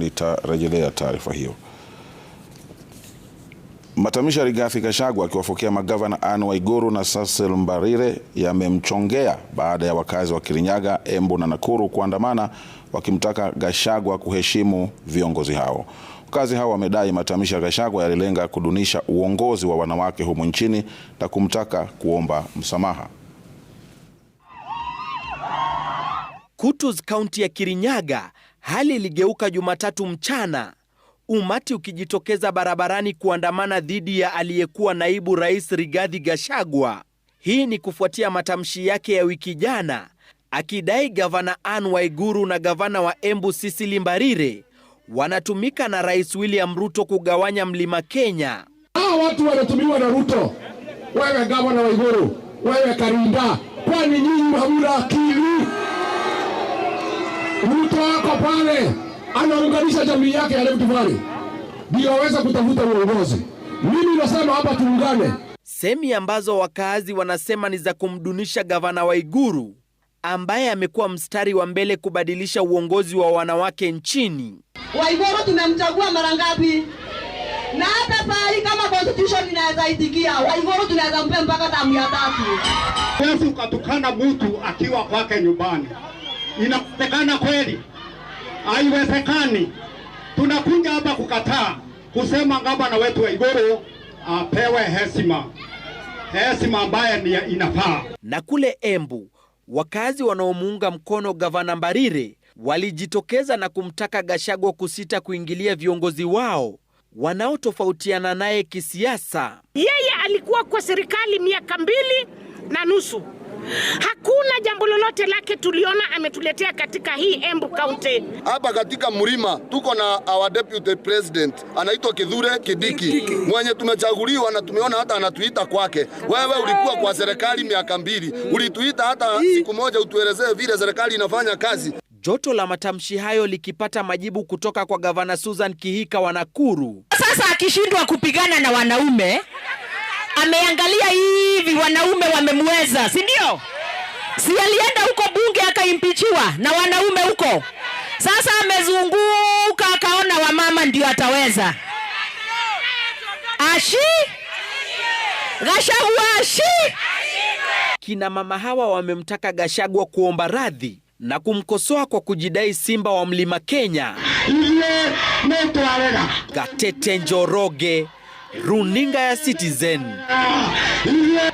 nitarejelea taarifa hiyo. Matamishi ya Rigathi Gachagua akiwafokea magavana Anne Waiguru na sasel Mbarire yamemchongea baada ya wakazi wa Kirinyaga, Embu na Nakuru kuandamana wakimtaka Gachagua kuheshimu viongozi hao. Wakazi hao wamedai matamishi ya Gachagua yalilenga kudunisha uongozi wa wanawake humu nchini na kumtaka kuomba msamaha. Kutus kaunti ya Kirinyaga, hali iligeuka Jumatatu mchana, umati ukijitokeza barabarani kuandamana dhidi ya aliyekuwa naibu rais Rigathi Gachagua. Hii ni kufuatia matamshi yake ya wiki jana akidai gavana Anne Waiguru na gavana wa Embu Cecily Mbarire wanatumika na Rais William Ruto kugawanya mlima Kenya. Hawa watu wanatumiwa na Ruto. Wewe gavana Waiguru, wewe Karimba, kwani nyinyi hamna akili? mtu wako pale anaunganisha jamii yake ya Levutuvale ndio aweze kutafuta uongozi. Mimi nasema hapa tuungane. Semi ambazo wakaazi wanasema ni za kumdunisha gavana Waiguru ambaye amekuwa mstari wa mbele kubadilisha uongozi wa wanawake nchini. Waiguru tumemchagua mara ngapi? Na hata saa kama constitution inaweza itikia, Waiguru tunaweza mpe mpaka damu ya tatu. Yesu ukatukana mtu akiwa kwake nyumbani. Inawezekana kweli? Haiwezekani. Tunakuja hapa kukataa kusema gavana wetu wa Igoro apewe heshima, heshima ambayo ni inafaa. Na kule Embu wakazi wanaomuunga mkono gavana Mbarire walijitokeza na kumtaka Gashagwa kusita kuingilia viongozi wao wanaotofautiana naye kisiasa. Yeye alikuwa kwa serikali miaka mbili na nusu. Hakuna jambo lolote lake tuliona ametuletea katika hii Embu County. Hapa katika mlima tuko na our deputy president anaitwa Kithure Kidiki mwenye tumechaguliwa na tumeona hata anatuita kwake. Wewe ulikuwa kwa serikali miaka mbili, ulituita hata siku moja utuelezee vile serikali inafanya kazi. Joto la matamshi hayo likipata majibu kutoka kwa gavana Susan Kihika wa Nakuru. Sasa akishindwa kupigana na wanaume ameangalia hii ni wanaume wamemweza, si ndio? Si alienda huko bunge akaimpichiwa na wanaume huko. Sasa amezunguka akaona wamama ndio ataweza. Ashi Gashagwa ashi. Kina mama hawa wamemtaka Gashagwa kuomba radhi na kumkosoa kwa kujidai simba wa mlima Kenya. Gatete Njoroge, runinga ya Citizen. Ah,